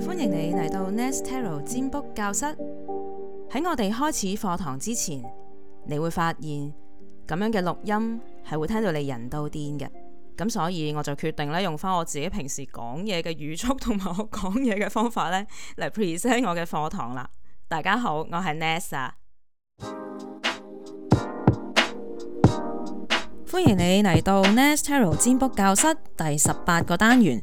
歡迎你嚟到 Nesta Tarot 佔卜教室。喺我哋開始課堂之前，你會發現咁樣嘅錄音係會聽到你人都癲嘅。咁所以我就決定咧用翻我自己平時講嘢嘅語速同埋我講嘢嘅方法咧嚟 present 我嘅課堂啦。大家好，我係 Nesta 啊。歡迎你嚟到 Nesta Tarot 佔卜教室第十八個單元。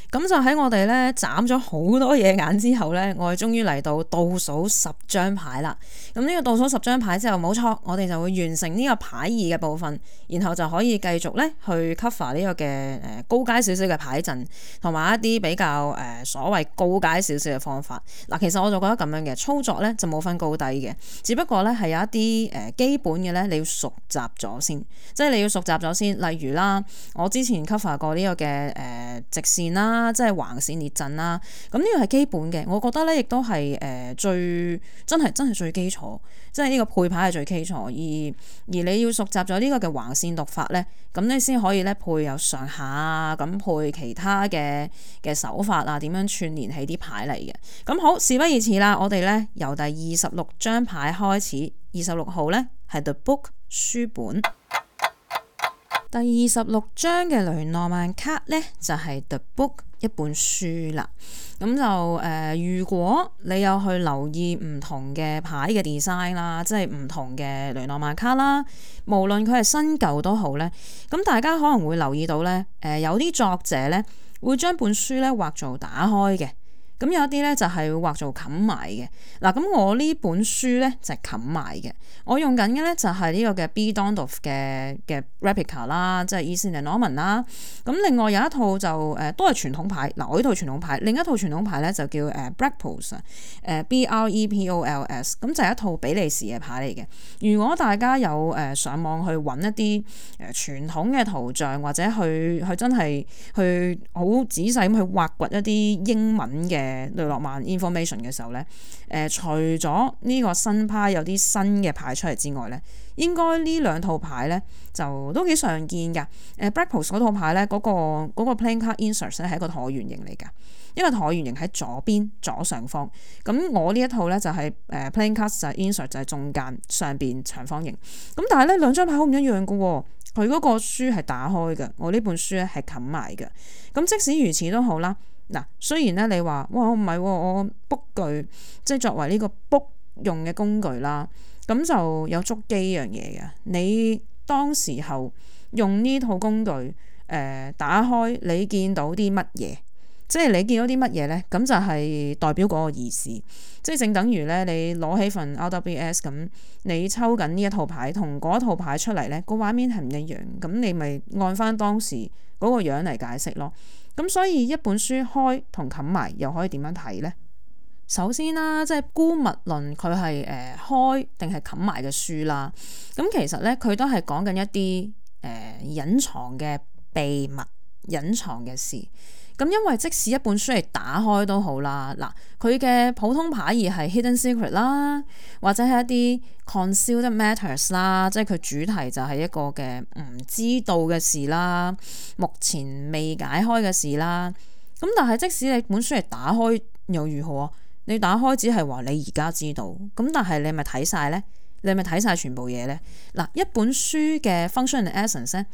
咁就喺我哋咧斬咗好多嘢眼之後咧，我哋終於嚟到倒數十張牌啦。咁呢個倒數十張牌之後冇錯，我哋就會完成呢個牌意嘅部分，然後就可以繼續咧去 cover 呢個嘅誒、呃、高階少少嘅牌陣同埋一啲比較誒、呃、所謂高階少少嘅方法。嗱、呃，其實我就覺得咁樣嘅操作咧就冇分高低嘅，只不過咧係有一啲誒、呃、基本嘅咧你要熟習咗先，即係你要熟習咗先。例如啦，我之前 cover 過呢個嘅誒直綫啦。即係橫線列陣啦，咁呢個係基本嘅，我覺得咧亦都係誒、呃、最真係真係最基礎，即係呢個配牌係最基礎，而而你要熟習咗呢個嘅橫線讀法咧，咁你先可以咧配有上下啊，咁配其他嘅嘅手法啊，點樣串聯起啲牌嚟嘅。咁好，事不宜遲啦，我哋咧由第二十六張牌開始，二十六號咧係 The Book 書本，第二十六張嘅雷諾曼卡咧就係、是、The Book。一本書啦，咁就誒、呃，如果你有去留意唔同嘅牌嘅 design 啦，即係唔同嘅雷諾曼卡啦，無論佢係新舊都好咧，咁大家可能會留意到咧，誒、呃、有啲作者咧會將本書咧畫做打開嘅。咁有一啲咧就係畫做冚埋嘅，嗱，咁我呢本書咧就係冚埋嘅，我用緊嘅咧就係、是、呢個嘅 B. Donald 嘅嘅 Replica 啦，即係 Island Norman 啦，咁另外有一套就誒、呃、都係傳統牌，嗱、啊、我呢套傳統牌，另一套傳統牌咧就叫誒、啊啊、Brepols，誒 B.R.E.P.O.L.S，咁就係一套比利時嘅牌嚟嘅。如果大家有誒、呃、上網去揾一啲誒傳統嘅圖像，或者去去真係去好仔細咁去挖掘一啲英文嘅。誒雷諾曼 information 嘅時候咧，誒、呃、除咗呢個新派有啲新嘅牌出嚟之外咧，應該呢兩套牌咧就都幾常見㗎。誒 Blackpool 嗰套牌咧，嗰、嗰個嗰個 playing card insert 咧係一個橢圓形嚟㗎，因為橢圓形喺左邊左上方。咁我呢一套咧就係、是、誒 playing card 就 insert 就係中間上邊長方形。咁但係咧兩張牌好唔一樣嘅喎、哦，佢嗰個書係打開嘅，我呢本書咧係冚埋嘅。咁即使如此都好啦。嗱，雖然咧你話，哇唔係我 book 具，即係作為呢個 book 用嘅工具啦，咁就有足機一樣嘢嘅。你當時候用呢套工具，誒、呃、打開，你見到啲乜嘢？即係你見到啲乜嘢咧？咁就係代表嗰個意思。即係正等於咧，你攞起份 RWS，咁你抽緊呢一套牌同嗰套牌出嚟咧，個畫面係唔一樣。咁你咪按翻當時嗰個樣嚟解釋咯。咁所以一本書開同冚埋又可以點樣睇呢？首先啦，即係《孤物論》呃，佢係誒開定係冚埋嘅書啦。咁其實呢，佢都係講緊一啲誒隱藏嘅秘密、隱藏嘅事。咁因為即使一本書嚟打開都好啦，嗱佢嘅普通牌而係 hidden secret 啦，或者係一啲 concealed matters 啦，即係佢主題就係一個嘅唔知道嘅事啦，目前未解開嘅事啦。咁但係即使你本書嚟打開又如何啊？你打開只係話你而家知道，咁但係你咪睇晒咧？你咪睇晒全部嘢咧？嗱，一本書嘅 function and essence 咧。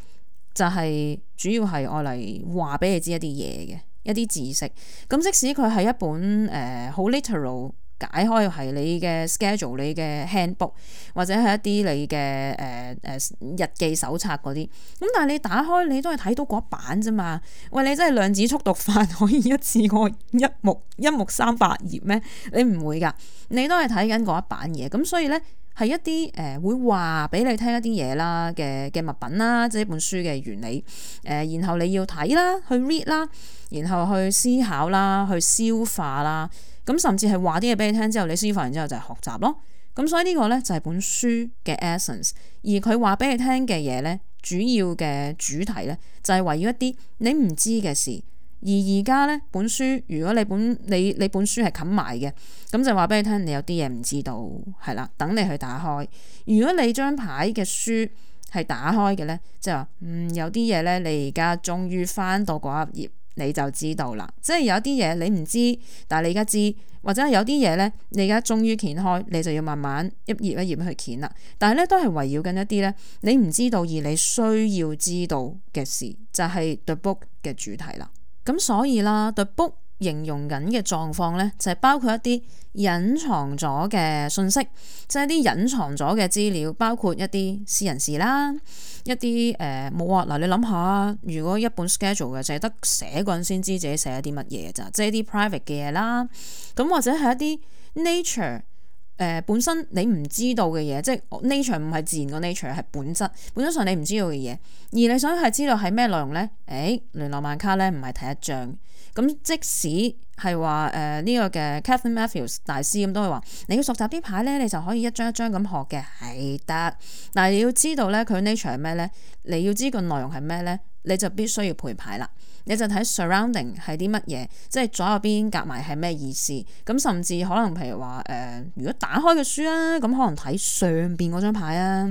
就係主要係用嚟話俾你知一啲嘢嘅一啲知識。咁即使佢係一本誒好、呃、literal 解開係你嘅 schedule，你嘅 handbook 或者係一啲你嘅誒誒日記手冊嗰啲，咁但係你打開你都係睇到嗰一版啫嘛。喂，你真係量子速讀法可以一次過一目一目三百頁咩？你唔會㗎，你都係睇緊嗰一版嘢。咁所以咧。係一啲誒、呃、會話俾你聽一啲嘢啦嘅嘅物品啦，即係本書嘅原理誒、呃，然後你要睇啦，去 read 啦，然後去思考啦，去消化啦，咁甚至係話啲嘢俾你聽之後，你消化完之後就係學習咯。咁所以個呢個咧就係、是、本書嘅 essence，而佢話俾你聽嘅嘢咧，主要嘅主題咧就係圍繞一啲你唔知嘅事。而而家咧，本書如果你本你你本書係冚埋嘅，咁就話俾你聽，你有啲嘢唔知道，係啦，等你去打開。如果你張牌嘅書係打開嘅咧，即係話，嗯，有啲嘢咧，你而家終於翻到嗰一頁，你就知道啦。即係有啲嘢你唔知，但係你而家知，或者有啲嘢咧，你而家終於掀開，你就要慢慢一頁一頁去掀啦。但係咧，都係圍繞緊一啲咧，你唔知道而你需要知道嘅事，就係 the book 嘅主題啦。咁所以啦，對 book 形容緊嘅狀況咧，就係包括一啲隱藏咗嘅信息，即係啲隱藏咗嘅資料，包括一啲私人事啦，一啲誒冇啊！嗱，你諗下，如果一本 schedule 嘅，就係得寫嗰人先知自己寫咗啲乜嘢咋，即係啲 private 嘅嘢啦，咁或者係一啲 nature。誒、呃、本身你唔知道嘅嘢，即係 nature 唔係自然個 nature 係本質。本質上你唔知道嘅嘢，而你想係知道係咩內容咧？誒、欸，聯絡萬卡咧，唔係睇一張咁。即使係話誒呢個嘅 Catherine Matthews 大師咁都會話，你要熟習啲牌咧，你就可以一張一張咁學嘅係得。但係你要知道咧，佢 nature 係咩咧？你要知個內容係咩咧？你就必須要陪牌啦。你就睇 surrounding 係啲乜嘢，即係左右邊夾埋係咩意思？咁甚至可能譬如話誒、呃，如果打開嘅書啊，咁可能睇上邊嗰張牌啊，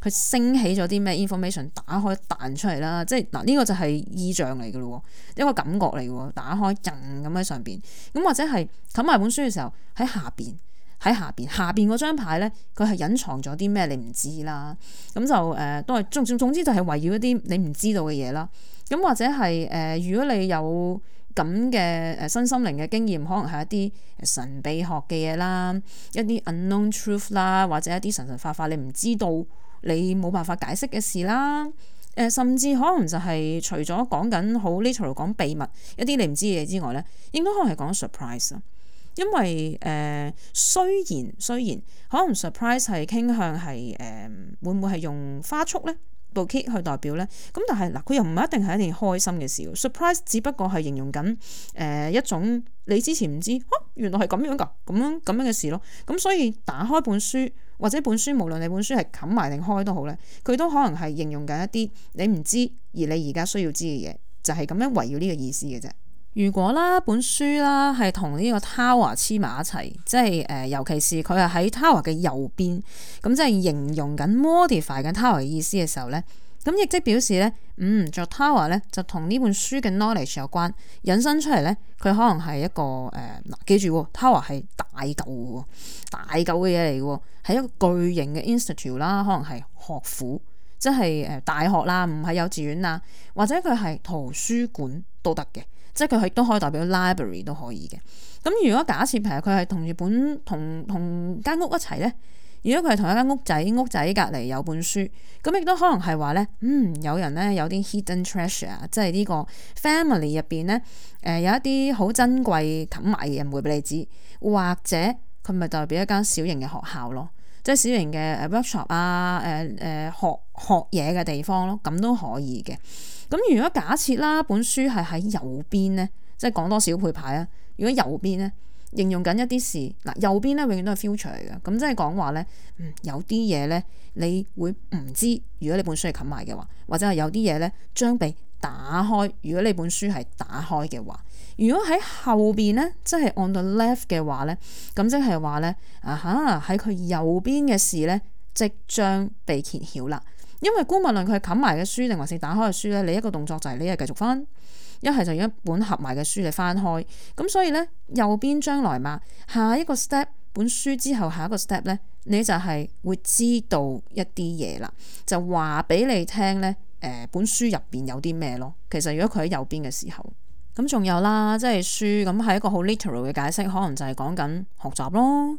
佢升起咗啲咩 information？打開彈出嚟啦，即係嗱呢個就係意象嚟㗎咯，一個感覺嚟㗎。打開，噔咁喺上邊，咁或者係冚埋本書嘅時候喺下邊，喺下邊下邊嗰張牌咧，佢係隱藏咗啲咩你唔知啦。咁就誒都係總總總之就係圍繞一啲你唔知道嘅嘢啦。咁或者係誒、呃，如果你有咁嘅誒身心靈嘅經驗，可能係一啲神秘學嘅嘢啦，一啲 unknown truth 啦，或者一啲神神化化你唔知道、你冇辦法解釋嘅事啦。誒、呃，甚至可能就係除咗講緊好 literal 講秘密一啲你唔知嘅嘢之外咧，應該可能係講 surprise 啊。因為誒、呃，雖然雖然可能 surprise 係傾向係誒、呃，會唔會係用花束咧？部 key 去代表咧，咁但係嗱，佢又唔一定係一件開心嘅事。Surprise 只不過係形容緊誒、呃、一種你之前唔知，啊、哦，原來係咁樣噶，咁樣咁樣嘅事咯。咁、嗯、所以打開本書或者本書，無論你本書係冚埋定開都好咧，佢都可能係形容緊一啲你唔知而你而家需要知嘅嘢，就係、是、咁樣圍繞呢個意思嘅啫。如果啦，本書啦係同呢個 tower 黐埋一齊，即係誒、呃，尤其是佢係喺 tower 嘅右邊，咁即係形容緊 modify 緊 tower 意思嘅時候咧，咁亦即表示咧，嗯，着 tower 咧就同呢本書嘅 knowledge 有關，引申出嚟咧，佢可能係一個誒嗱、呃，記住、哦、tower 係大嚿大嚿嘅嘢嚟嘅喎，係一個巨型嘅 institute 啦，可能係學府，即係誒大學啦，唔係幼稚園啦，或者佢係圖書館都得嘅。即係佢亦都可以代表 library 都可以嘅。咁如果假設譬如佢係同日本同同間屋一齊咧，如果佢係同一間屋仔屋仔隔離有本書，咁亦都可能係話咧，嗯，有人咧，有啲 hidden treasure，即係呢個 family 入邊咧，誒、呃、有一啲好珍貴冚埋嘢唔會俾你知，或者佢咪代表一間小型嘅學校咯，即係小型嘅 workshop 啊，誒、呃、誒學學嘢嘅地方咯，咁都可以嘅。咁如果假設啦，本書係喺右邊咧，即係講多少配牌啊？如果右邊咧，形容緊一啲事嗱，右邊咧永遠都係 future 嚟嘅，咁即係講話咧，有啲嘢咧你會唔知，如果你本書係冚埋嘅話，或者係有啲嘢咧將被打開，如果你本書係打開嘅話，如果喺後邊咧，即係 on the left 嘅話咧，咁即係話咧，啊哈喺佢右邊嘅事咧即將被揭曉啦。因為姑勿論佢係冚埋嘅書，定還是打開嘅書呢？你一個動作就係你係繼續翻，一係就用一本合埋嘅書你翻開。咁所以呢，右邊將來嘛，下一個 step 本書之後下一個 step 呢，你就係會知道一啲嘢啦，就話俾你聽呢，誒本書入邊有啲咩咯？其實如果佢喺右邊嘅時候，咁仲有啦，即係書咁係一個好 literal 嘅解釋，可能就係講緊學習咯。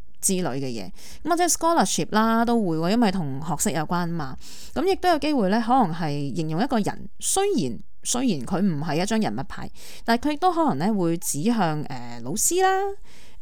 之類嘅嘢，咁或者 scholarship 啦都會喎，因為同學識有關啊嘛。咁亦都有機會咧，可能係形容一個人，雖然雖然佢唔係一張人物牌，但係佢亦都可能咧會指向誒、呃、老師啦、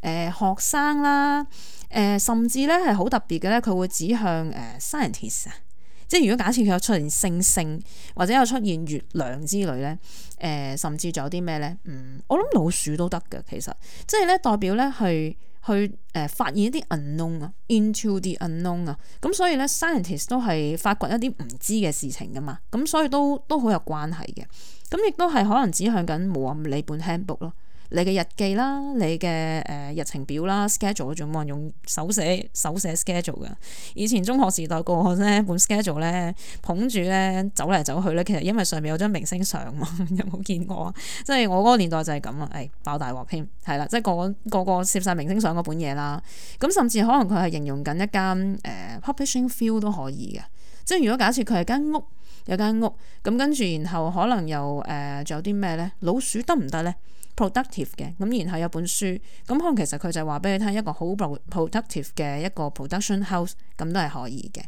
誒、呃、學生啦、誒、呃、甚至咧係好特別嘅咧，佢會指向誒 scientist 啊。呃即係如果假設佢有出現星星，或者有出現月亮之類咧，誒、呃，甚至仲有啲咩咧？嗯，我諗老鼠都得㗎，其實即係咧代表咧係去誒、呃、發現一啲 unknown 啊，into the unknown 啊，咁所以咧 scientists 都係發掘一啲唔知嘅事情噶嘛，咁所以都都好有關係嘅，咁亦都係可能指向緊冇咁理本 handbook 咯。你嘅日記啦，你嘅誒、呃、日程表啦，schedule 仲有冇人用手寫手寫 schedule 噶。以前中學時代個，個我咧本 schedule 咧捧住咧走嚟走去咧，其實因為上面有張明星相啊， 有冇見過啊？即係我嗰個年代就係咁啊，誒、哎、爆大鑊添，係啦，即係個，個個個攝晒明星相嗰本嘢啦。咁甚至可能佢係形容緊一間誒、呃、publishing feel 都可以嘅。即係如果假設佢係間屋有間屋咁，跟住然後可能又誒仲有啲咩咧老鼠得唔得咧？productive 嘅，咁然後有本書，咁可能其實佢就話俾你聽一個好 productive 嘅一個 production house，咁都係可以嘅。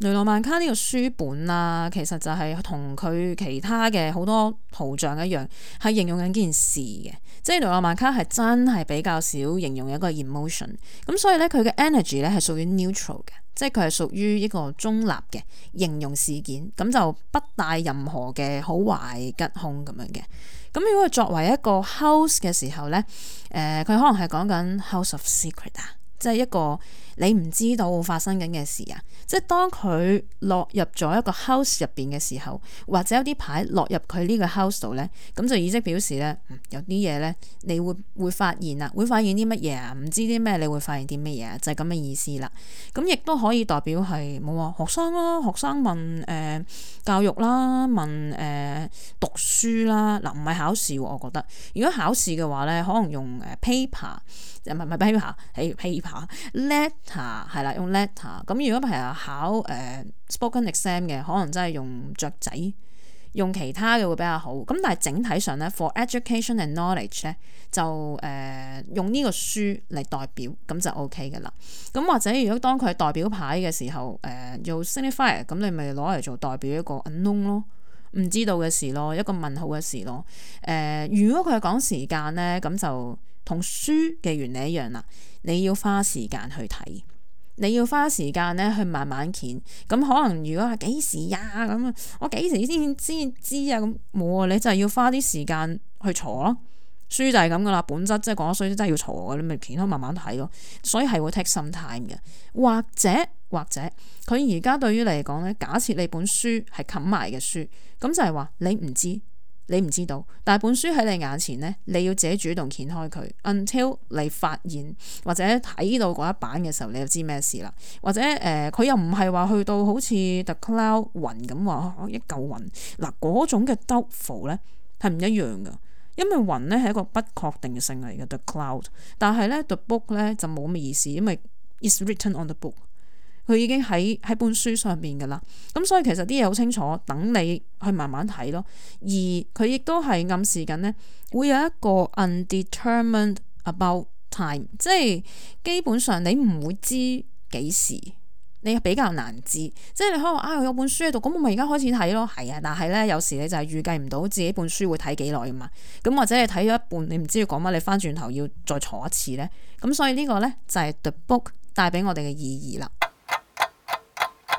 雷諾曼卡呢個書本啊，其實就係同佢其他嘅好多圖像一樣，係形容緊件事嘅，即係雷諾曼卡係真係比較少形容一個 emotion，咁所以呢佢嘅 energy 呢係屬於 neutral 嘅。即係佢係屬於一個中立嘅形容事件，咁就不帶任何嘅好壞吉凶咁樣嘅。咁如果佢作為一個 house 嘅時候呢，誒、呃、佢可能係講緊 house of secret 啊，即係一個。你唔知道發生緊嘅事啊！即係當佢落入咗一個 house 入邊嘅時候，或者有啲牌落入佢呢個 house 度咧，咁就意即表示咧、嗯，有啲嘢咧，你會會發現啦，會發現啲乜嘢啊？唔知啲咩，你會發現啲乜嘢啊？就係咁嘅意思啦。咁亦都可以代表係冇啊學生咯，學生問誒、呃、教育啦，問誒、呃、讀書啦。嗱，唔係考試喎，我覺得如果考試嘅話咧，可能用誒、呃、paper，唔係唔係 paper，係 paper 咧嚇係啦，用 letter。咁如果譬如考誒、呃、spoken exam 嘅，可能真係用雀仔，用其他嘅會比較好。咁但係整體上咧，for education and knowledge 咧，就、呃、誒用呢個書嚟代表，咁就 O K 噶啦。咁或者如果當佢係代表牌嘅時候，誒、呃、用 signifier 咁你咪攞嚟做代表一個 unknown 咯，唔知道嘅事咯，一個問號嘅事咯。誒、呃，如果佢係講時間咧，咁就同書嘅原理一樣啦。你要花時間去睇，你要花時間咧去慢慢鉛。咁可能如果係幾時呀咁啊？我幾時先先知呀？咁冇啊！你就係要花啲時間去坐咯。書就係咁噶啦，本質即係講書真係要坐嘅，你咪鉛開慢慢睇咯。所以係會 take some time 嘅，或者或者佢而家對於嚟講咧，假設你本書係冚埋嘅書，咁就係話你唔知。你唔知道，但係本書喺你眼前呢，你要自己主動掀開佢，until 你發現或者睇到嗰一版嘅時候，你就知咩事啦。或者誒，佢、呃、又唔係話去到好似 the cloud 雲咁話、啊、一嚿雲嗱嗰種嘅 doubtful 咧係唔一樣噶，因為雲呢係一個不確定性嚟嘅 the cloud，但係咧 the book 咧就冇咩意思，因為 it's written on the book。佢已經喺喺本書上邊㗎啦，咁、嗯、所以其實啲嘢好清楚，等你去慢慢睇咯。而佢亦都係暗示緊咧，會有一個 undetermined about time，即係基本上你唔會知幾時，你比較難知。即係你可以話啊，我有本書喺度，咁我咪而家開始睇咯。係啊，但係呢，有時你就係預計唔到自己本書會睇幾耐吖嘛。咁或者你睇咗一半，你唔知要講乜，你翻轉頭要再坐一次呢。咁、嗯、所以呢個呢，就係、是、The Book 帶俾我哋嘅意義啦。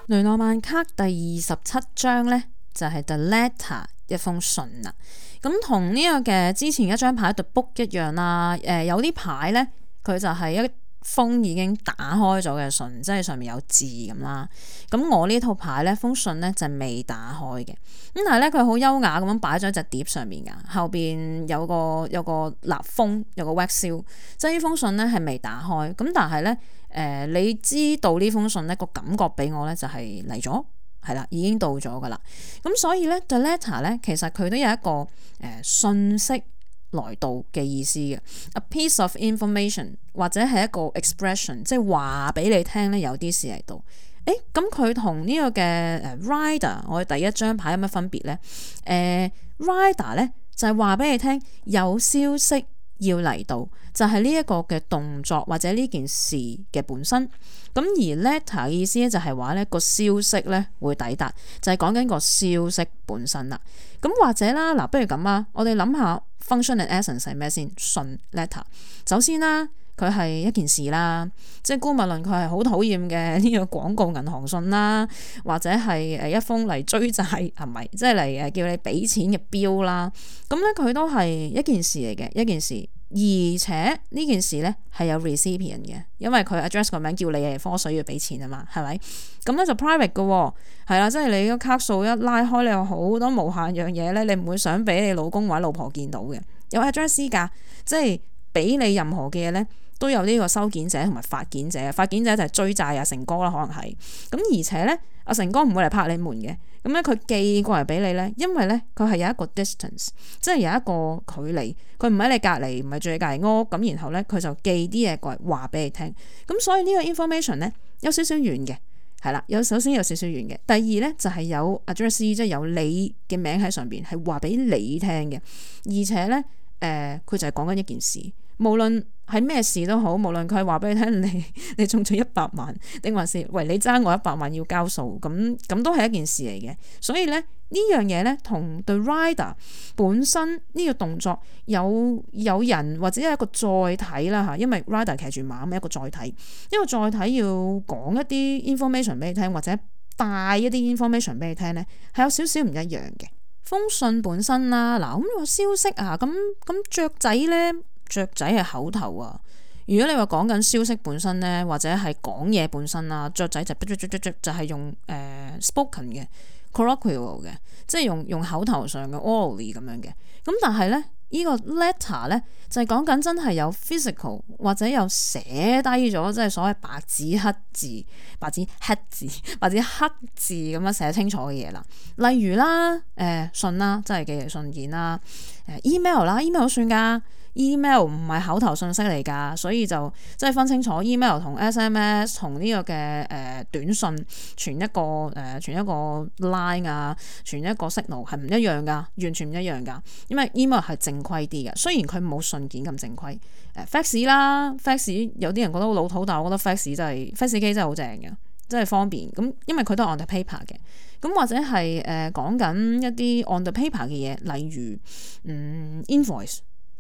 雷諾曼卡第二十七章呢，就係、是、the letter 一封信啦。咁同呢個嘅之前一張牌 the book 一樣啦。誒、呃，有啲牌呢，佢就係一封已經打開咗嘅信，即係上面有字咁啦。咁我呢套牌咧，封信咧就未打開嘅。咁但係咧，佢好優雅咁樣擺咗喺隻碟上面噶。後邊有個有個蠟封，有個個 wax seal，即係呢封信咧係未打開。咁但係咧，誒、呃，你知道呢封信咧個感覺俾我咧就係嚟咗，係啦，已經到咗噶啦。咁所以咧，the letter 咧其實佢都有一個誒、呃、信息。來到嘅意思嘅，a piece of information 或者係一個 expression，即係話俾你聽咧，有啲事嚟到。誒，咁佢同呢個嘅 rider，我嘅第一張牌有乜分別呢？誒、呃，rider 咧就係話俾你聽有消息要嚟到，就係呢一個嘅動作或者呢件事嘅本身。咁而 letter 嘅意思咧就係話咧個消息咧會抵達，就係講緊個消息本身啦。咁或者啦，嗱、啊，不如咁啊，我哋諗下 function and essence 係咩先？信 letter，首先啦，佢係一件事啦，即係姑勿論佢係好討厭嘅呢個廣告銀行信啦，或者係誒一封嚟追債係咪？即係嚟誒叫你俾錢嘅 bill 啦，咁咧佢都係一件事嚟嘅，一件事。而且呢件事呢，係有 recipient 嘅，因為佢 address 個名叫你嘅，科水要俾錢啊嘛，係咪？咁咧就 private 嘅，哦，係啦，即係你個卡數一拉開，你有好多無限樣嘢呢，你唔會想俾你老公或者老婆見到嘅，有 address 私架，即係俾你任何嘅嘢呢，都有呢個收件者同埋發件者，發件者就係追債啊成哥啦，可能係，咁而且呢。阿成哥唔會嚟拍你門嘅，咁咧佢寄過嚟俾你咧，因為咧佢係有一個 distance，即係有一個距離，佢唔喺你隔籬，唔係住你隔籬屋，咁然後咧佢就寄啲嘢過嚟話俾你聽，咁所以呢個 information 咧有少少遠嘅係啦。有首先有少少遠嘅，第二咧就係有 address，即係有你嘅名喺上邊，係話俾你聽嘅，而且咧誒佢就係講緊一件事。無論係咩事都好，無論佢係話俾你聽，你你中咗一百萬，定還是喂，你爭我一百萬要交數咁咁都係一件事嚟嘅。所以咧呢樣嘢咧，同對 Rider 本身呢個動作有有人或者係一個載體啦嚇，因為 Rider 騎住馬咁一個載體，一個載體要講一啲 information 俾你聽，或者帶一啲 information 俾你聽咧，係有少少唔一樣嘅。封信本身啦、啊，嗱咁個消息啊，咁咁雀仔咧。雀仔係口頭啊！如果你話講緊消息本身咧，或者係講嘢本身啦，雀仔就係、 就係用誒、呃、spoken 嘅 colloquial 嘅，即係用用口頭上嘅 orally 咁樣嘅。咁但係咧，呢、呢個 letter 咧就係講緊真係有 physical 或者有寫低咗，即係所謂白紙黑字、白紙黑字、白紙黑字咁樣寫清楚嘅嘢啦。例如啦，誒、呃、信啦，即係嘅嘢信件啦，誒、呃、email 啦，email 都算㗎。email 唔係口頭信息嚟㗎，所以就即係分清楚 email 同 sms 同呢個嘅誒短信傳一個誒、呃、傳一個 line 啊，傳一個息號係唔一樣㗎，完全唔一樣㗎。因為 email 係正規啲嘅，雖然佢冇信件咁正規。誒、呃、fax 啦，fax 有啲人覺得好老土，但我覺得 fax 真係 fax 機真係好正嘅，真係方便。咁因為佢都 on the paper 嘅，咁或者係誒講緊一啲 on the paper 嘅嘢，例如嗯 invoice。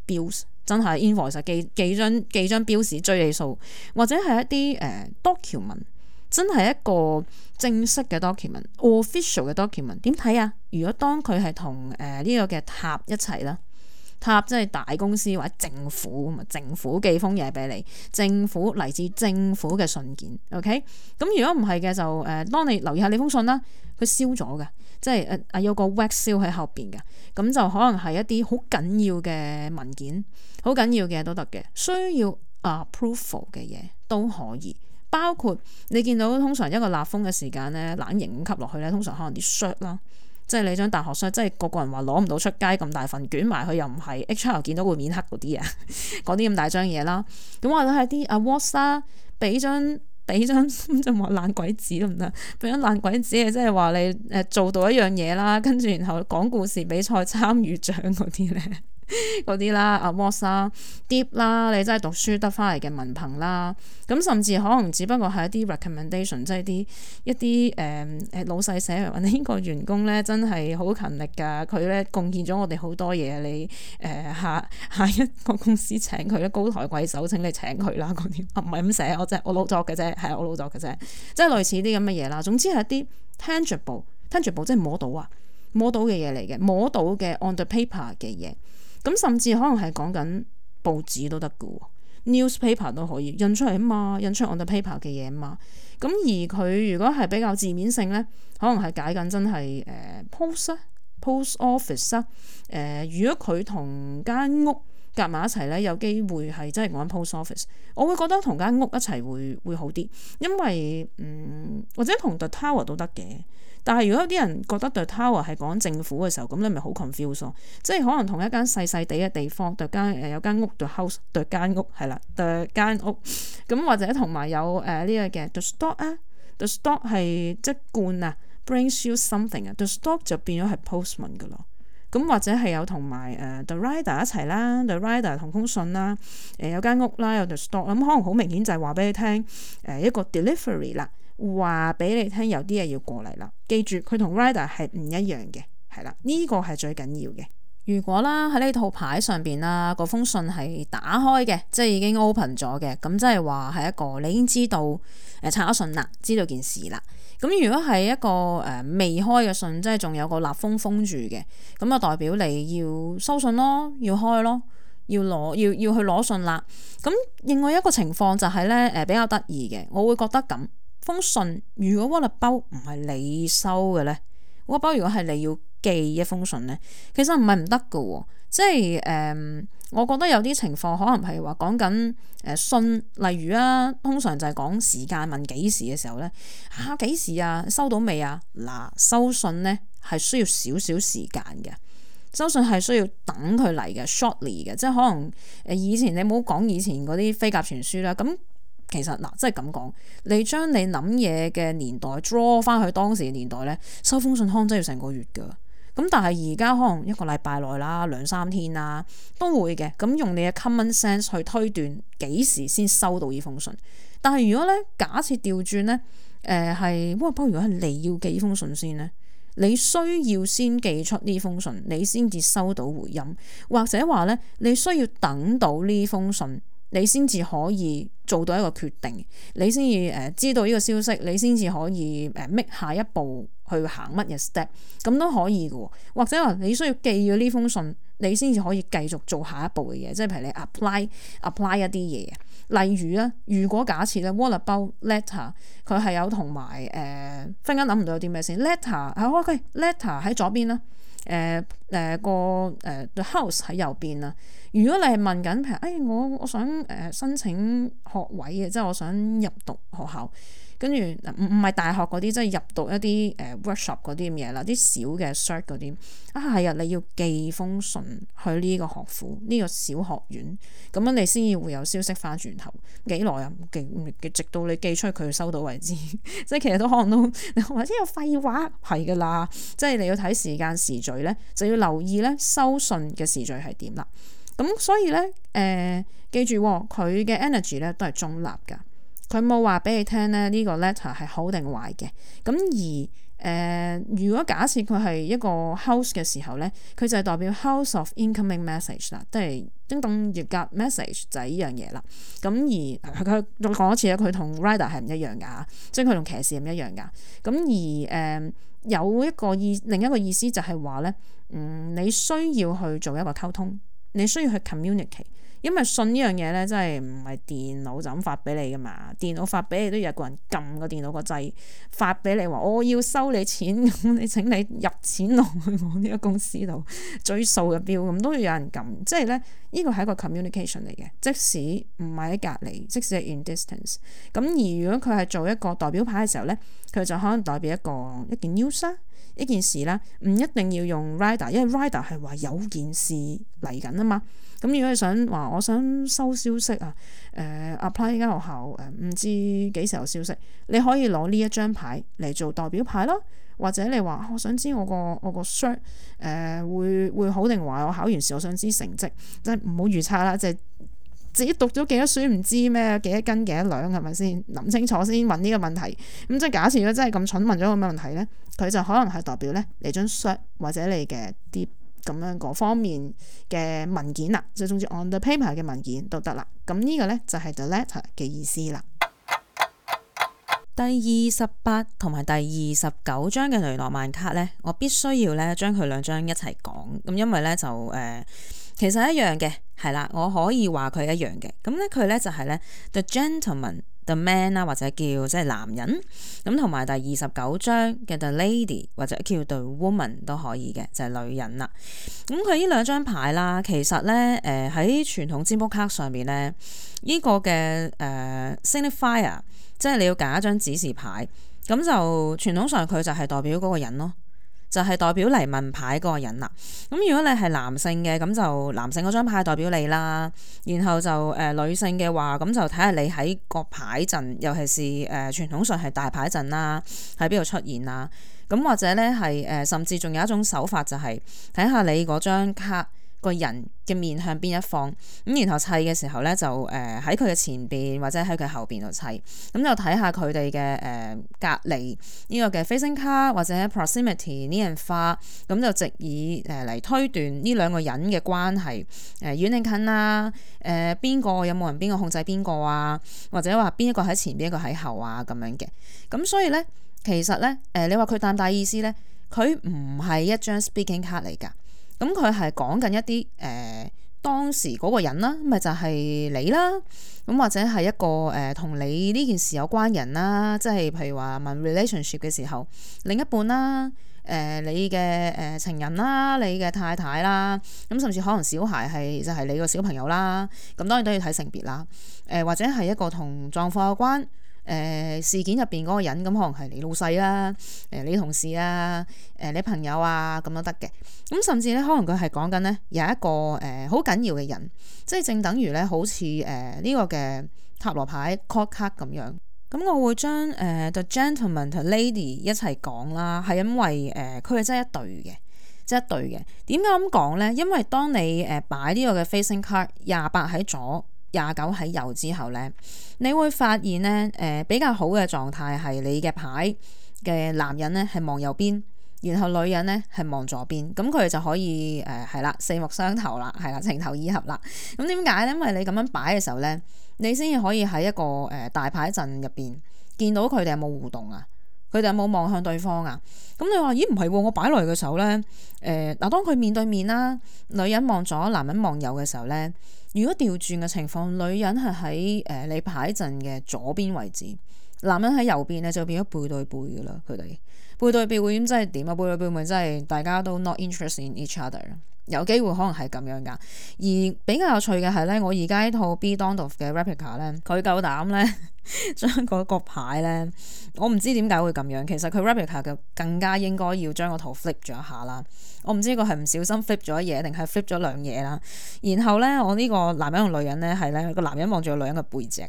標真係 invoice 幾幾張幾張標示追你數，或者係一啲誒 document，真係一個正式嘅 document，official 嘅 document 點睇啊？如果當佢係同誒呢個嘅塔一齊咧？塔即係大公司或者政府，咁啊政府寄封嘢俾你，政府嚟自政府嘅信件，OK？咁如果唔係嘅就誒、呃，當你留意下你封信啦，佢燒咗嘅，即係誒誒有個 WAX y 喺後邊嘅，咁就可能係一啲好緊要嘅文件，好緊要嘅都得嘅，需要 approval 嘅嘢都可以，包括你見到通常一個立封嘅時間咧，冷凝吸落去咧，通常可能啲 s h i r t 啦。即係你張大學相，即係個個人話攞唔到出街咁大份，捲埋佢又唔係 HR 見到會面黑嗰啲啊，嗰啲咁大張嘢啦。咁我覺得係啲阿 WhatsApp 俾張俾張就話爛鬼紙唔得，俾張爛鬼紙嘅，即係話你誒做到一樣嘢啦，跟住然後講故事比賽參與獎嗰啲咧。 嗰啲 啦，啊，work 啦，deep 啦，你真係讀書得翻嚟嘅文憑啦，咁甚至可能只不過係一啲 recommendation，即係啲一啲誒誒老細寫嚟話，這個呃呃呃，你呢個員工咧真係好勤力噶，佢咧貢獻咗我哋好多嘢，你誒下下一個公司請佢咧高抬貴手請你請佢啦嗰啲，唔係咁寫，我即係我老作嘅啫，係、嗯、我老作嘅啫，即係類似啲咁嘅嘢啦。總之係一啲 tangible tangible，即係摸到啊摸到嘅嘢嚟嘅，摸到嘅 on the paper 嘅嘢。咁甚至可能係講緊報紙都得嘅喎，newspaper 都可以，可以印出嚟啊嘛，印出我哋 paper 嘅嘢啊嘛。咁而佢如果係比較字面性咧，可能係解緊真係誒、呃、post p o s t office 啊。誒、呃，如果佢同間屋夾埋一齊咧，有機會係真係講 post office。我會覺得同間屋一齊會會好啲，因為嗯或者同 the tower 都得嘅。但係如果有啲人覺得 the tower 係講政府嘅時候，咁你咪好 confuse 咯。即係可能同一間細細地嘅地方，度間誒有間屋，度 The house，度間屋係啦，度間屋。咁或者同埋有誒、這、呢個嘅 the stock 啊，the stock 係即係罐啊，brings you something 啊，the stock 就變咗係 postman 噶咯。咁或者係有同埋誒 the rider 一齊啦，the rider 同空信啦，誒有間屋啦，有 the stock，咁可能好明顯就係話俾你聽誒、呃、一個 delivery 啦。話俾你聽，有啲嘢要過嚟啦。記住，佢同 Rider 係唔一樣嘅，係啦，呢個係最緊要嘅。如果啦喺呢套牌上邊啦，嗰封信係打開嘅，即係已經 open 咗嘅，咁即係話係一個你已經知道誒拆咗信啦，知道件事啦。咁如果係一個誒未開嘅信，即係仲有個立封封住嘅，咁就代表你要收信咯，要開咯，要攞要要去攞信啦。咁另外一個情況就係咧，誒比較得意嘅，我會覺得咁。封信如果 WhatsApp 包唔係你收嘅呢？WhatsApp 包如果係你要寄一封信呢，其實唔係唔得嘅喎，即係誒、呃，我覺得有啲情況可能係話講緊誒信，例如啊，通常就係講時間問幾時嘅時候呢，嚇、啊、幾時啊，收到未啊？嗱，收信呢係需要少少時間嘅，收信係需要等佢嚟嘅，shortly 嘅，即係可能誒以前你冇講以前嗰啲飛鴿傳書啦，咁。其實嗱，即係咁講，你將你諗嘢嘅年代 draw 翻去當時嘅年代咧，收封信康真係要成個月㗎。咁但係而家可能一個禮拜內啦，兩三天啦都會嘅。咁用你嘅 common sense 去推斷幾時先收到呢封信。但係如果咧假設調轉咧，誒、呃、係，不過如果係你要寄封信先呢，你需要先寄出呢封信，你先至收到回音，或者話咧你需要等到呢封信。你先至可以做到一個決定，你先至誒知道呢個消息，你先至可以誒搣下一步去行乜嘢 step，咁都可以嘅喎。或者話你需要寄咗呢封信，你先至可以繼續做下一步嘅嘢，即係譬如你 apply apply 一啲嘢。例如咧，如果假設咧 Wallace letter 佢係有同埋誒忽然間諗唔到有啲咩先 letter 啊，OK letter 喺左邊啦。誒，誒、呃呃，個誒、呃、the house 喺右邊啊。如果你係問緊，譬如，誒，我我想誒申請學位嘅，即係我想入讀學校。跟住唔唔係大學嗰啲，即係入讀一啲誒 workshop 嗰啲咁嘢啦，啲小嘅 cert 嗰啲啊係啊，你要寄封信去呢個學府呢個小學院，咁樣你先要會有消息翻轉頭，幾耐啊？直到你寄出去，佢收到為止，即係其實都看到，或者有廢話係噶啦，即係你要睇時間時序咧，就要留意咧收信嘅時序係點啦。咁所以咧誒、呃，記住佢嘅 energy 咧都係中立㗎。佢冇話俾你聽咧，呢、這個 letter 係好定壞嘅。咁而誒、呃，如果假設佢係一個 house 嘅時候咧，佢就係代表 house of incoming message 啦、呃，即係叮咚月夾 message 就係依樣嘢啦。咁而佢再講一次咧，佢同 rider 係唔一樣㗎嚇，即係佢同騎士係唔一樣㗎。咁而誒有一個意，另一個意思就係話咧，嗯你需要去做一個溝通。你需要去 communicate，因為信呢樣嘢咧，真係唔係電腦就咁發俾你噶嘛。電腦發俾你都有個人撳個電腦個掣發俾你話，我要收你錢，咁你請你入錢落去我呢個公司度追數嘅表，咁都要有人撳。即係咧，呢個係一個 communication 嚟嘅，即使唔係喺隔離，即使係 in distance。咁而如果佢係做一個代表牌嘅時候咧，佢就可能代表一個一件 user。一件事咧，唔一定要用 Rider，因為 Rider 係話有件事嚟緊啊嘛。咁如果你想話，我想收消息啊，誒、呃、apply 呢間學校誒，唔、呃、知幾時有消息，你可以攞呢一張牌嚟做代表牌囉。或者你話我想知我個我個 shirt 誒、呃、會會好定話我考完試，我想知成績，即係唔好預測啦，即係。自己讀咗幾多書唔知咩？幾多斤幾多兩係咪先？諗清楚先問呢個問題。咁即係假設如果真係咁蠢問咗個咩問題呢，佢就可能係代表呢：你張書或者你嘅啲咁樣嗰方面嘅文件啦，即係總之 on the paper 嘅文件都得啦。咁、這、呢個呢，就係 the letter 嘅意思啦。第二十八同埋第二十九張嘅雷諾曼卡呢，我必須要呢將佢兩張一齊講。咁因為呢，就、呃、誒。其實一樣嘅，係啦，我可以話佢一樣嘅。咁咧，佢咧就係咧，the gentleman，the man 啦，或者叫即係男人。咁同埋第二十九張嘅 the lady 或者叫 the woman 都可以嘅，就係、是、女人啦。咁佢呢兩張牌啦，其實咧，誒、呃、喺傳統占卜卡上面咧，呢、這個嘅誒、呃、signifier，即係你要揀一張指示牌，咁就傳統上佢就係代表嗰個人咯。就係代表嚟問牌嗰個人啦。咁如果你係男性嘅，咁就男性嗰張牌代表你啦。然後就誒女性嘅話，咁就睇下你喺個牌陣，尤其是誒、呃、傳統上係大牌陣啦，喺邊度出現啦。咁或者咧係誒，甚至仲有一種手法就係睇下你嗰張卡。個人嘅面向邊一方，咁然後砌嘅時候咧就誒喺佢嘅前邊或者喺佢後邊度砌，咁就睇下佢哋嘅誒隔離呢、呢個嘅飛星卡或者 proximity 呢樣化。咁就直以誒嚟推斷呢兩個人嘅關係，誒、呃、遠定近啊，誒邊個有冇人邊個控制邊個啊，或者話邊一個喺前邊一個喺後啊咁樣嘅，咁所以咧其實咧誒、呃、你話佢淡大意思咧，佢唔係一張 speaking card 嚟㗎。咁佢係講緊一啲誒、呃、當時嗰個人啦，咪就係、是、你啦，咁或者係一個誒同、呃、你呢件事有關人啦，即係譬如話問 relationship 嘅時候，另一半啦，誒、呃、你嘅誒、呃、情人啦，你嘅太太啦，咁甚至可能小孩係就係、是、你個小朋友啦，咁當然都要睇性別啦，誒、呃、或者係一個同狀況有關。誒、呃、事件入邊嗰個人，咁可能係你老細啦、啊，誒、呃、你同事啊，誒、呃、你朋友啊，咁都得嘅。咁甚至咧，可能佢係講緊咧有一個誒好緊要嘅人，即係正等於咧好似誒呢個嘅塔羅牌 court card 咁樣。咁我會將誒、呃、the gentleman and lady 一齊講啦，係因為誒佢係真係一對嘅，真係一對嘅。點解咁講咧？因為當你誒擺呢個嘅 facing card 廿八喺左。廿九喺右之後咧，你會發現咧，誒、呃、比較好嘅狀態係你嘅牌嘅男人咧係望右邊，然後女人咧係望左邊，咁佢哋就可以誒係、呃、啦，四目相投啦，係啦，情投意合啦。咁點解咧？因為你咁樣擺嘅時候咧，你先至可以喺一個誒、呃、大牌陣入邊見到佢哋有冇互動啊。佢哋有冇望向對方啊？咁你話咦唔係喎？我擺落嚟嘅時候咧，誒、呃、嗱，當佢面對面啦，女人望左，男人望右嘅時候咧，如果調轉嘅情況，女人係喺誒你排陣嘅左邊位置，男人喺右邊咧就變咗背對背噶啦。佢哋背對背會點？真係點啊？背對背會真係大家都 not interest in each other。有機會可能係咁樣㗎，而比較有趣嘅係咧，我而家呢套 B Donald 嘅 replica 咧，佢夠膽咧將嗰個牌咧，我唔知點解會咁樣。其實佢 replica 更加應該要將個圖 flip 咗一下啦。我唔知個係唔小心 flip 咗嘢，定係 flip 咗兩嘢啦。然後咧，我呢個男人同女人咧，係咧，個男人望住個女人嘅背脊。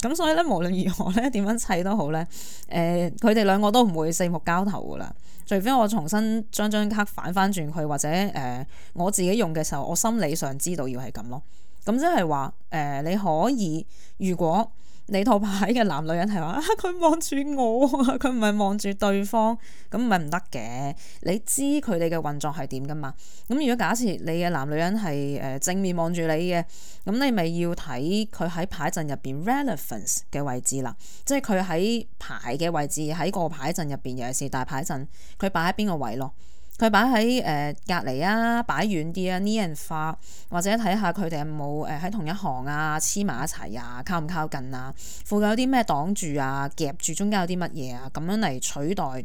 咁所以咧，無論如何咧，點樣砌都好咧，誒、呃，佢哋兩個都唔會四目交投噶啦，除非我重新將張卡反翻轉佢，或者誒、呃、我自己用嘅時候，我心理上知道要係咁咯。咁即係話，誒、呃，你可以如果。你套牌嘅男女人係話啊，佢望住我啊，佢唔係望住對方，咁唔係唔得嘅。你知佢哋嘅運作係點㗎嘛？咁如果假設你嘅男女人係誒正面望住你嘅，咁你咪要睇佢喺牌陣入邊 relevance 嘅位置啦，即係佢喺牌嘅位置喺個牌陣入邊，尤其是大牌陣，佢擺喺邊個位咯。佢擺喺誒隔籬啊，擺遠啲啊，near and far，或者睇下佢哋有冇誒喺同一行啊，黐埋一齊啊，靠唔靠近啊？附近有啲咩擋住啊，夾住中間有啲乜嘢啊？咁樣嚟取代誒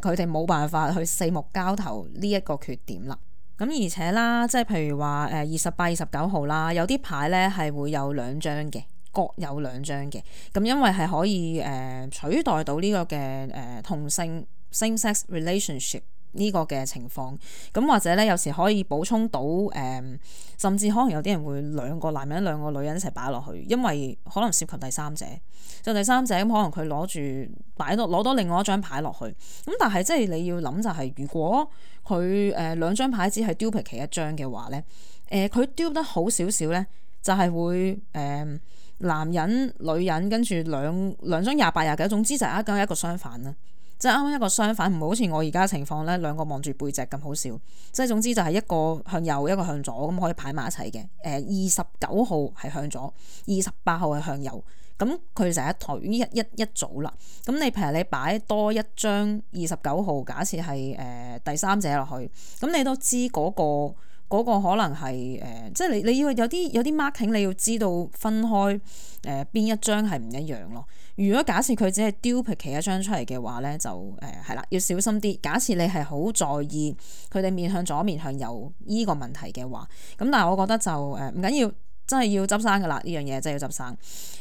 佢哋冇辦法去四目交投呢一個缺點啦。咁而且啦，即係譬如話誒二十八、二十九號啦，有啲牌咧係會有兩張嘅，各有兩張嘅。咁因為係可以誒、呃、取代到呢個嘅誒、呃、同性 same sex relationship。呢個嘅情況，咁或者咧有時可以補充到誒、呃，甚至可能有啲人會兩個男人兩個女人一齊擺落去，因為可能涉及第三者。就第三者咁，可能佢攞住擺到，攞到另外一張牌落去。咁但係即係你要諗就係、是，如果佢誒兩張牌只係 duplicate 一張嘅話咧，誒佢丟得好少少咧，就係、是、會誒、呃、男人女人跟住兩兩張廿八廿九，28, 29，總之就係一個相反啦。即係啱啱一個相反，唔會好似我而家情況咧，兩個望住背脊咁好笑。即係總之就係一個向右，一個向左咁可以排埋一齊嘅。誒、呃，二十九號係向左，二十八號係向右。咁佢成一隊，依一一一組啦。咁你譬如你擺多一張二十九號，假設係誒第三者落去，咁你都知嗰、那個。嗰個可能係誒、呃，即係你你要有啲有啲 marking 你要知道分開誒邊、呃、一張係唔一樣咯。如果假設佢只係 duplicate 一張出嚟嘅話咧，就誒係啦，要小心啲。假設你係好在意佢哋面向左、面向右依個問題嘅話，咁但係我覺得就誒唔、呃、緊要，真係要執生噶啦，呢樣嘢真係要執生。誒、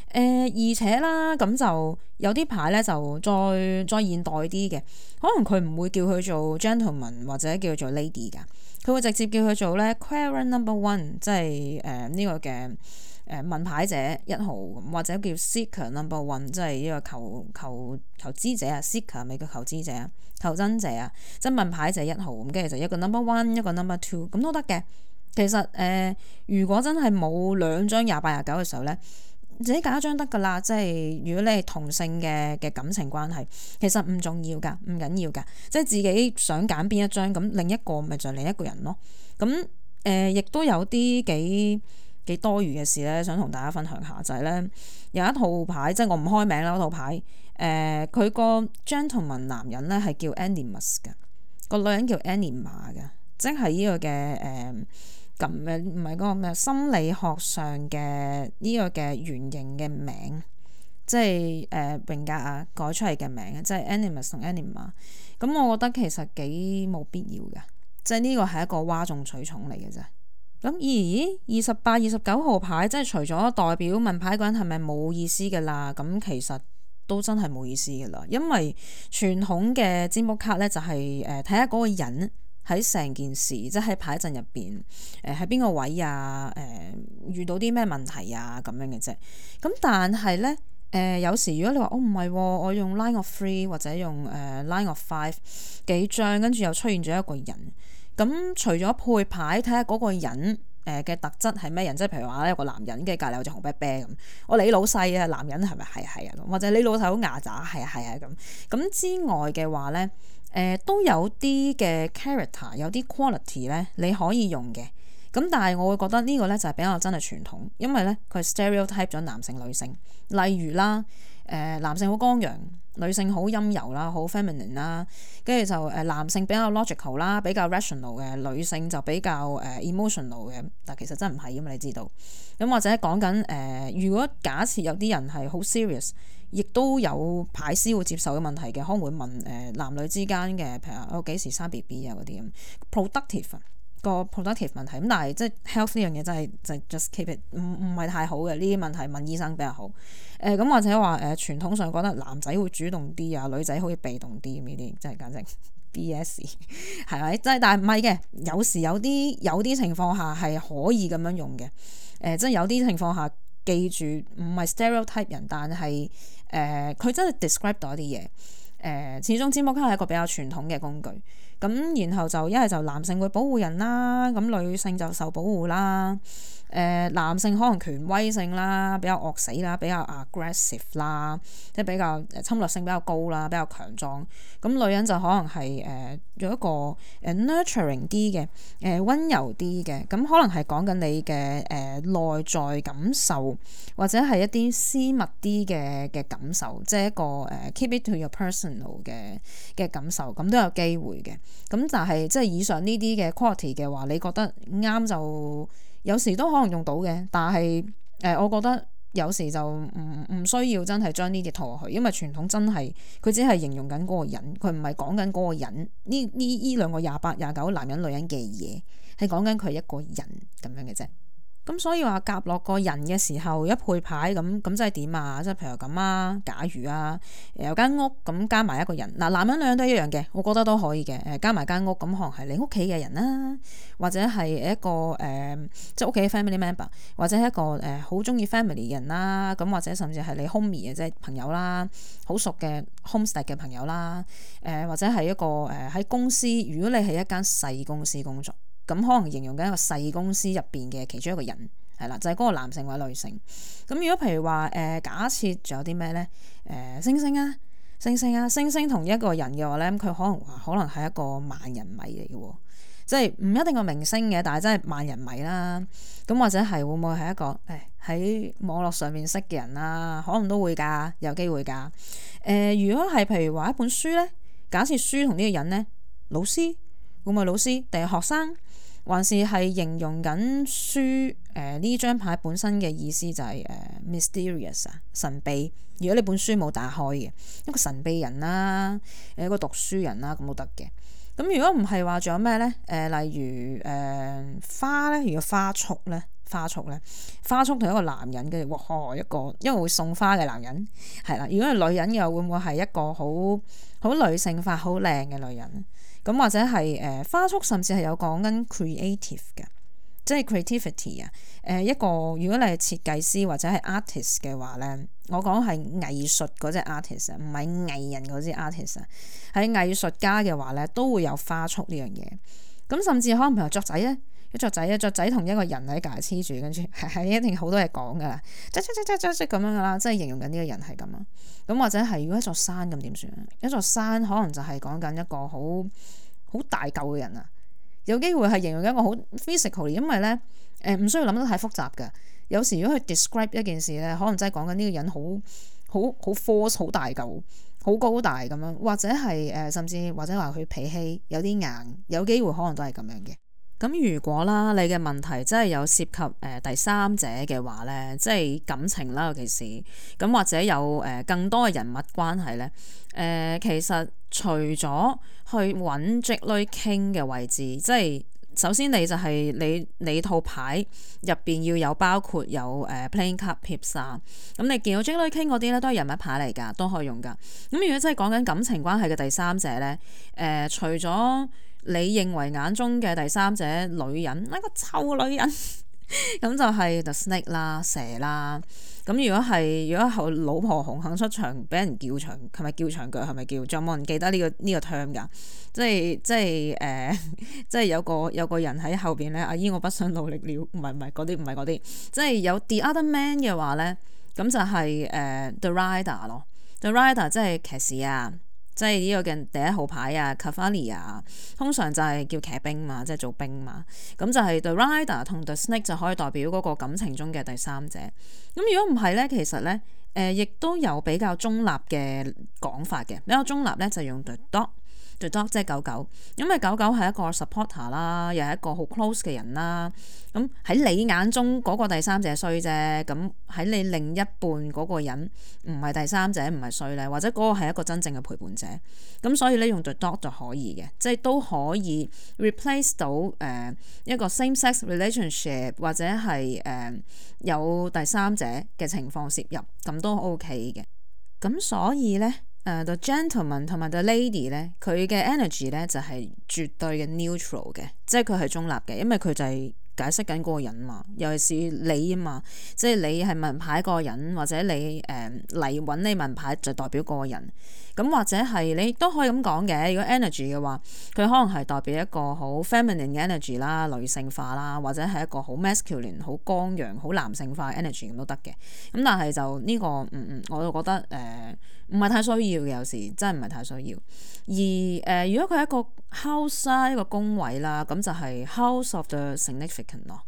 呃、而且啦，咁就有啲牌咧就再再現代啲嘅，可能佢唔會叫佢做 gentleman 或者叫佢做 lady 噶。佢會直接叫佢做咧 Querant number one，即係誒呢個嘅誒問牌者一號，或者叫 seeker number one，即係呢個求求求資者啊，seeker 係咪叫求資者啊，求真者啊，即係問牌者一號，咁跟住就一個 number one，一個 number two，咁都得嘅。其實誒、呃，如果真係冇兩張廿八廿九嘅時候咧。自己揀一張得噶啦，即係如果你係同性嘅嘅感情關係，其實唔重要噶，唔緊要噶，即係自己想揀邊一張，咁另一個咪就另一個人咯。咁、嗯、誒、呃，亦都有啲幾幾多餘嘅事咧，想同大家分享下，就係、是、咧有一套牌，即係我唔開名啦，嗰套牌誒，佢個 gentleman 男人咧係叫 Animus 噶，個女人叫 Anima 噶，即係呢個嘅誒。呃咁誒唔係嗰個咩心理學上嘅呢個嘅原型嘅名，即係誒、呃、榮格啊改出嚟嘅名，即係 animus 同 anima。咁我覺得其實幾冇必要嘅，即係呢個係一個嘩眾取寵嚟嘅啫。咁二二十八、二十九號牌，即係除咗代表問牌嗰個人係咪冇意思嘅啦，咁其實都真係冇意思嘅啦，因為傳統嘅占卜卡咧就係誒睇下嗰個人。喺成件事，即係牌一陣入邊，誒喺邊個位啊？誒、呃、遇到啲咩問題啊？咁樣嘅啫。咁但係咧，誒、呃、有時如果你話，哦唔係、啊，我用 line of three 或者用誒 line of five 幾張，跟住又出現咗一個人。咁、嗯、除咗配牌，睇下嗰個人誒嘅特質係咩人，即係譬如話咧，有個男人嘅隔離有隻紅啤啤咁，我你老細啊，男人係咪係係啊，或者你老細好牙渣係啊係啊咁。咁、嗯、之外嘅話咧。誒、呃、都有啲嘅 character，有啲 quality 咧你可以用嘅，咁但係我會覺得呢個咧就係比較真係傳統，因為咧佢係 stereotype 咗男性女性，例如啦，誒、呃、男性好剛陽，女性好陰柔啦，好 feminine 啦，跟住就誒男性比較 logical 啦，比較 rational 嘅，女性就比較誒 emotional 嘅，但其實真唔係因為，你知道，咁或者講緊誒，如果假設有啲人係好 serious。亦都有牌師會接受嘅問題嘅，可能會問誒男女之間嘅譬如我幾時生 B B 啊嗰啲咁 productive 個 productive 問題咁，但係即係 health 呢樣嘢真係就是、just keep it 唔唔係太好嘅呢啲問題問醫生比較好誒咁、呃、或者話誒、呃、傳統上覺得男仔會主動啲啊，女仔可以被動啲咁呢啲即係簡直 BS 係 咪？即係但係唔係嘅，有時有啲有啲情況下係可以咁樣用嘅誒，即、呃、係有啲情況下記住唔係 stereotype 人，但係。誒佢、呃、真係 describe 到一啲嘢，誒、呃、始終占卜卡係一個比較傳統嘅工具，咁然後就一係就男性會保護人啦，咁女性就受保護啦。誒男性可能權威性啦，比較惡死啦，比較 aggressive 啦，即係比較侵略性比較高啦，比較強壯。咁女人就可能係誒有一個誒 nurturing 啲嘅誒溫柔啲嘅，咁可能係講緊你嘅誒內在感受，或者係一啲私密啲嘅嘅感受，即係一個誒 keep it to your personal 嘅嘅感受，咁都有機會嘅。咁就係即係以上呢啲嘅 quality 嘅話，你覺得啱就。有時都可能用到嘅，但係誒、呃，我覺得有時就唔唔需要真係將呢啲套落去，因為傳統真係佢只係形容緊嗰個人，佢唔係講緊嗰個人呢呢呢兩個廿八廿九男人女人嘅嘢，係講緊佢係一個人咁樣嘅啫。咁、嗯、所以話夾落個人嘅時候一配牌咁咁即係點啊？即係譬如咁啊，假如啊有間屋咁加埋一個人，嗱男人女人都一樣嘅，我覺得都可以嘅。誒，加埋間屋咁可能係你屋企嘅人啦，或者係一個誒，即係屋企 family member，或者係一個誒好中意 family 人啦，咁或者甚至係你 homie 嘅即係朋友啦，好熟嘅 homestay 嘅朋友啦，誒或者係一個誒喺、呃、公司，如果你係一間細公司工作。咁可能形容緊一個細公司入邊嘅其中一個人係啦，就係、是、嗰個男性或者女性。咁如果譬如話誒、呃，假設仲有啲咩咧？誒、呃，星星啊，星星啊，星星同一個人嘅話咧，佢可能話可能係一個萬人迷嚟嘅喎，即係唔一定個明星嘅，但係真係萬人迷啦。咁或者係會唔會係一個誒喺網絡上面識嘅人啦、啊？可能都會㗎，有機會㗎。誒、呃，如果係譬如話一本書咧，假設書同呢個人咧，老師，會唔會老師定係學生？還是係形容緊書誒呢、呃、張牌本身嘅意思就係、是、誒、呃、Mysterious 啊神秘。如果你本書冇打開嘅一個神秘人啦，誒一個讀書人啦，咁都得嘅。咁、嗯、如果唔係話，仲有咩咧？誒例如誒、呃、花咧，如果花束咧，花束咧，花束同一個男人嘅，哇，哦、一個因為會送花嘅男人係啦。如果係女人又會唔會係一個好好女性化、好靚嘅女人？咁或者係誒、呃、花束，甚至係有講緊 creative 嘅，即係 creativity 啊、呃。誒一個如果你係設計師或者係 artist 嘅話咧，我講係藝術嗰隻 artist 啊，唔係藝人嗰隻 artist 啊。喺藝術家嘅話咧，都會有花束呢樣嘢。咁甚至可能譬如雀仔咧。一隻仔，一雀仔同一個人喺隔籬黐住，跟住係係一定好多嘢講噶啦，即即即即咁樣噶啦，即係形容緊呢個人係咁啊。咁或者係如果一座山咁點算啊？一座山可能就係講緊一個好好大嚿嘅人啊，有機會係形容一個好 physical 嘅，因為咧誒唔需要諗得太複雜嘅。有時如果佢 describe 一件事咧，可能真係講緊呢個人好好好 force 好大嚿好高大咁樣，或者係誒甚至或者話佢脾氣有啲硬，有機會可能都係咁樣嘅。咁如果啦，你嘅問題真係有涉及誒第三者嘅話咧，即係感情啦，尤其是咁或者有誒更多嘅人物關係咧，誒、呃、其實除咗去揾 Jelly King 嘅位置，即係首先你就係你你套牌入邊要有包括有誒 Plain Cup Pips 啊。咁、呃、你見到 Jelly King 嗰啲咧都係人物牌嚟㗎，都可以用㗎。咁如果真係講緊感情關係嘅第三者咧，誒、呃、除咗你認為眼中嘅第三者女人，一、那個臭女人，咁 就係 the snake 啦，蛇啦。咁如果係如果後老婆紅杏出場，俾人叫長係咪叫長腳？係咪叫仲有冇人記得呢、呢個呢、呢個 term 㗎？即係即係誒，即係、呃、有個有個人喺後邊咧。阿姨、啊、我不想努力了，唔係唔係嗰啲，唔係嗰啲。即係有 the other man 嘅話咧，咁就係、是、誒、呃、the rider 咯，the rider 即係騎士啊。即係呢個嘅第一號牌啊 Cavalier 啊，通常就係叫騎兵嘛，即係做兵嘛。咁就係 The Rider 同 The Snake 就可以代表嗰個感情中嘅第三者。咁如果唔係咧，其實咧，誒、呃、亦都有比較中立嘅講法嘅。比較中立咧，就係用 The Dog。dog 即係狗狗，因為狗狗係一個 supporter 啦，又係一個好 close 嘅人啦。咁喺你眼中嗰個第三者衰啫，咁喺你另一半嗰個人唔係第三者，唔係衰咧，或者嗰個係一個真正嘅陪伴者。咁所以咧用、The、dog 就可以嘅，即係都可以 replace 到誒、uh, 一個 same sex relationship 或者係誒、uh, 有第三者嘅情況涉入，咁都 OK 嘅。咁所以咧。誒、uh, The gentleman 同埋 The lady 咧，佢嘅 energy 咧就係絕對嘅 neutral 嘅，即係佢係中立嘅，因為佢就係解釋緊個人嘛，尤其是你啊嘛，即係你係問牌個人，或者你誒嚟揾你問牌就代表個人。咁或者係你都可以咁講嘅。如果 energy 嘅話，佢可能係代表一個好 feminine 嘅 energy 啦，女性化啦，或者係一個好 masculine、好剛陽、好男性化 energy 咁都得嘅。咁但係就呢、這個嗯嗯，我就覺得誒唔係太需要嘅，有時真係唔係太需要。而誒、呃，如果佢係一個 house 嘅一個宮位啦，咁就係 house of the significant 咯。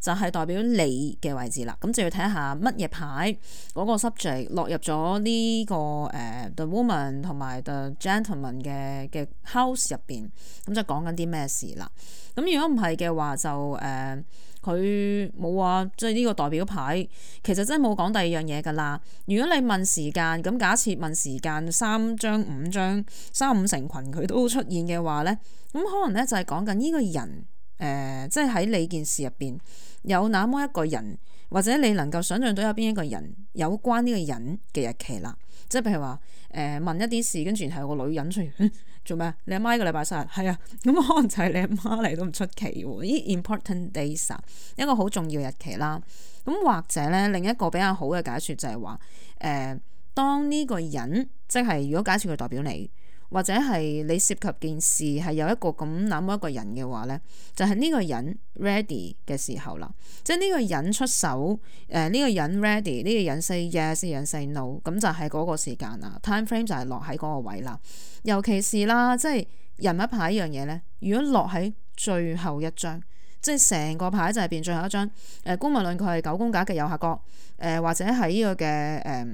就係代表你嘅位置啦，咁就要睇下乜嘢牌嗰個 subject 落入咗呢個誒，the woman 同埋 the gentleman 嘅嘅 house 入邊，咁就講緊啲咩事啦。咁如果唔係嘅話，就誒佢冇話，即係呢個代表牌其實真係冇講第二樣嘢㗎啦。如果你問時間，咁假設問時間三張五張三五成群，佢都出現嘅話咧，咁可能咧就係講緊呢個人。誒、呃，即係喺你件事入邊有那麼一個人，或者你能夠想象到有邊一個人有關呢個人嘅日期啦。即係譬如話，誒、呃、問一啲事，跟住係個女人出現，呵呵做咩？你阿媽嘅禮拜生日，係啊，咁可能就係你阿媽嚟都唔出奇喎。依 important days 啊，一個好重要日期啦。咁或者咧，另一個比較好嘅解説就係話，誒、呃，當呢個人即係如果假設佢代表你。或者係你涉及件事係有一個咁諗，一個人嘅話咧，就係、是、呢個人 ready 嘅時候啦，即係呢個人出手，誒、呃、呢、這個人 ready，呢個人 say yes，呢個人 say no，咁就係嗰個時間啦。Time frame 就係落喺嗰個位啦。尤其是啦，即係人物牌依樣嘢咧，如果落喺最後一張，即係成個牌就係變最後一張，誒姑勿論佢係九宮格嘅右下角，誒、呃、或者係呢個嘅誒、呃、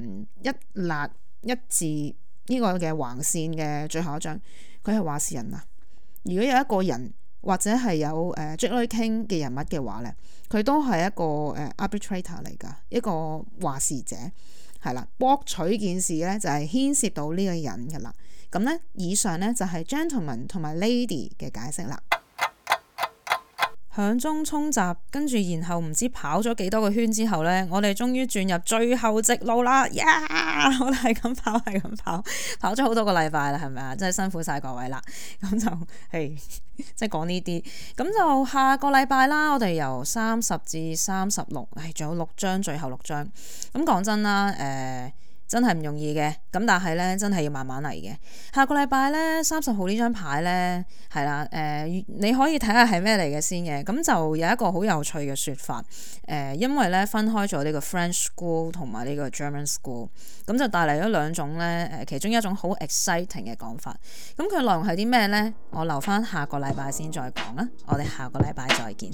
一捺一字。呢個嘅橫線嘅最後一張，佢係話事人啊！如果有一個人或者係有誒、呃、j u l i King 嘅人物嘅話咧，佢都係一個誒、呃、arbitrator 嚟㗎，一個話事者係啦，博取件事咧就係、是、牽涉到呢個人㗎啦。咁咧，以上咧就係、是、gentleman 同埋 lady 嘅解釋啦。響中衝閘，跟住然後唔知跑咗幾多個圈之後呢，我哋終於轉入最後直路啦！呀、yeah!，我哋係咁跑，係咁跑，跑咗好多個禮拜啦，係咪啊？真係辛苦晒各位啦！咁就，誒， 即係講呢啲，咁就下個禮拜啦，我哋由三十至三十六，唉，仲有六張，最後六張。咁講真啦，誒、呃。真係唔容易嘅，咁但係呢，真係要慢慢嚟嘅。下個禮拜呢，三十號呢張牌呢，係啦，誒、呃，你可以睇下係咩嚟嘅先嘅。咁就有一個好有趣嘅說法、呃，因為呢，分開咗呢個 French school 同埋呢個 German school，咁就帶嚟咗兩種呢，誒，其中一種好 exciting 嘅講法。咁佢內容係啲咩呢？我留返下個禮拜先再講啦。我哋下個禮拜再見。